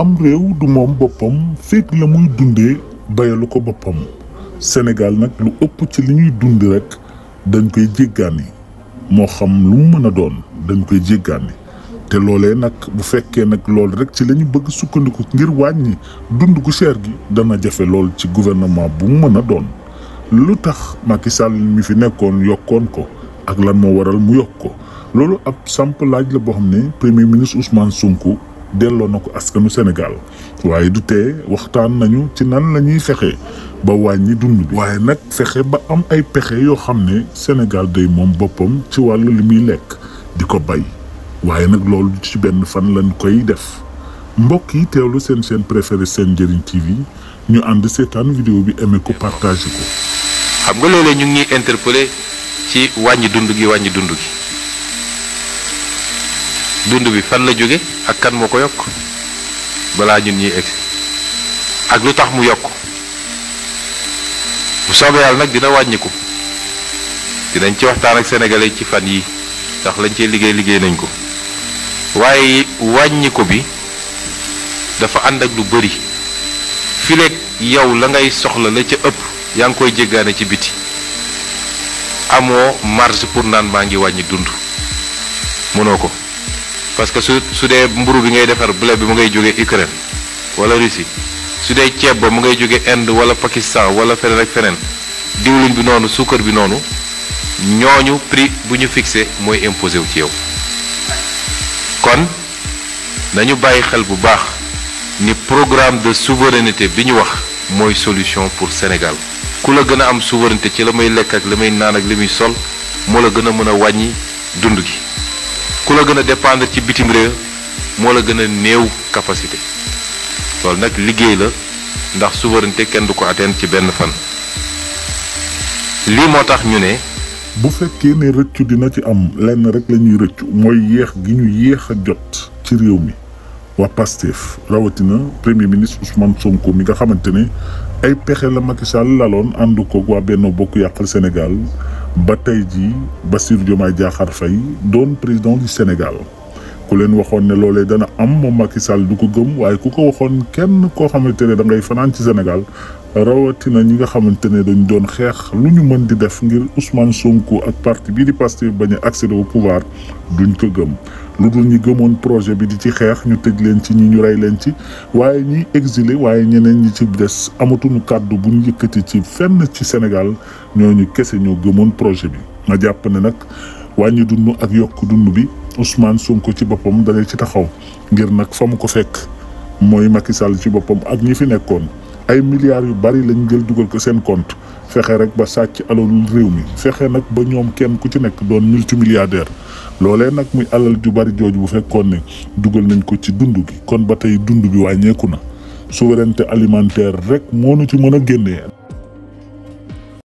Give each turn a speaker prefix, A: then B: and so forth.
A: am rew du mom bopam fek la muy dundee bayalu ko Sénégal nak lu upp ci li ñuy dund rek dañ koy jéggaani mo xam lu mu mën doon dañ koy jéggaani té lolé nak bu féké nak lool rek ci lañu bëgg sukkandiku ngir wañi dund gu cher gi dana jafé lool ci gouvernement bu mu doon lutax Macky Sall mi fi nekkon yokkon ko ak lan mo waral mu yokko lolu ab laaj la bo premier ministre Ousmane Sonko delloo na ko askanu Sénégal waaye du tee waxtaan nañu ci nan lañuy ñuy fexe ba wàññi dund bi. waaye nag fexe ba am ay pexe yoo xam ne Sénégal day moom boppam ci wàllu li lekk di ko bay waaye nag loolu ci benn fan lañ koy def mbokk teelu teewlu seen chaîne préférée seen njëriñ TV ñu ànd seetaan vidéo bi aimé ko partagé ko.
B: xam nga léeg-léeg ñu ngi ñuy ci wàññi dund gi wàññi dund gi. dund bi fan la jóge ak kan moo ko yokk balaa ñun ñuy egsi ak lu tax mu yokk bu soobee yàlla nag dina wàññiku dinañ ci waxtaan ak sénégalais ci fan yi ndax lañ cee liggéey liggéey nañ ko waaye wàññiku bi dafa ànd ak lu bëri fileeg yow la ngay soxla la ca ëpp yaa ngi koy jéggaane ci biti amoo marge pour naan maa ngi wàññi dund parce que su su dee mburu bi ngay defar blé bi mu ngay jógee Ukraine wala Russie su dee ceeb ba mu ngay jógee Inde wala Pakistan wala feneen ak feneen diwlin bi noonu suukar bi noonu ñooñu prix bu ñu fixé mooy imposé wu ci yow kon nañu bàyyi xel bu baax ni programme de souverainité bi ñu wax mooy solution pour Sénégal ku la gën a am souveraineté ci la may lekk ak la may naan ak li muy sol moo la gën a mën a wàññi dund gi ku la gën a dépendre ci bitim réew moo la gën néew capacité loolu nag liggéey la ndax souveraineté kenn du ko atteindre ci benn fan lii moo tax ñu ne
A: bu fekkee ne rëccu dina ci am lenn rek la rëccu mooy yéex gi ñu yéex a jot ci réew mi waa Pastef rawatina premier ministre Ousmane Sonko mi nga xamante ne ay pexe la Macky Sall laloon ànd koog waa Benno Bokk Yàqal Sénégal ba tey jii Bassirou Diomaye Diakhar Faye doon président du Sénégal ku leen waxoon ne loolee dana am moom Macky Sall du ko gëm waaye ku ko waxoon kenn koo xamante ne da ngay fanaan ci Sénégal rawatina ñi nga xamante ne dañ doon xeex lu ñu mën di def ngir usmaan Sonko ak partie bii di Pastef bañ a accéder au pouvoir duñ ko gëm. lu dul ñi gëmoon projet bi di ci xeex ñu tëj leen ci ñi ñu rey leen ci waaye ñiy exilé waaye ñeneen ñi ci des amatuñu kàddu bu ñu ci fenn ci Sénégal ñooñu kese ñoo gëmoon projet bi. ma jàpp ne nag wàññi dund ak yokk dund bi Ousmane Sonko ci boppam dana ci taxaw ngir nag fa mu ko fekk mooy Macky Sall ci boppam ak ñi fi nekkoon ay milliards yu bari lañ jël dugal ko seen compte. fexe rek ba sàcc alalul réew mi fexe nag ba ñoom kenn ku ci nekk doon multimilliardaire loolee nag muy alal ju bari jooju bu fekkoon ne dugal nañ ko ci dund gi kon ba tey dund bi wàññeeku na souveraineté alimentaire rek moo nu ci mën a génnee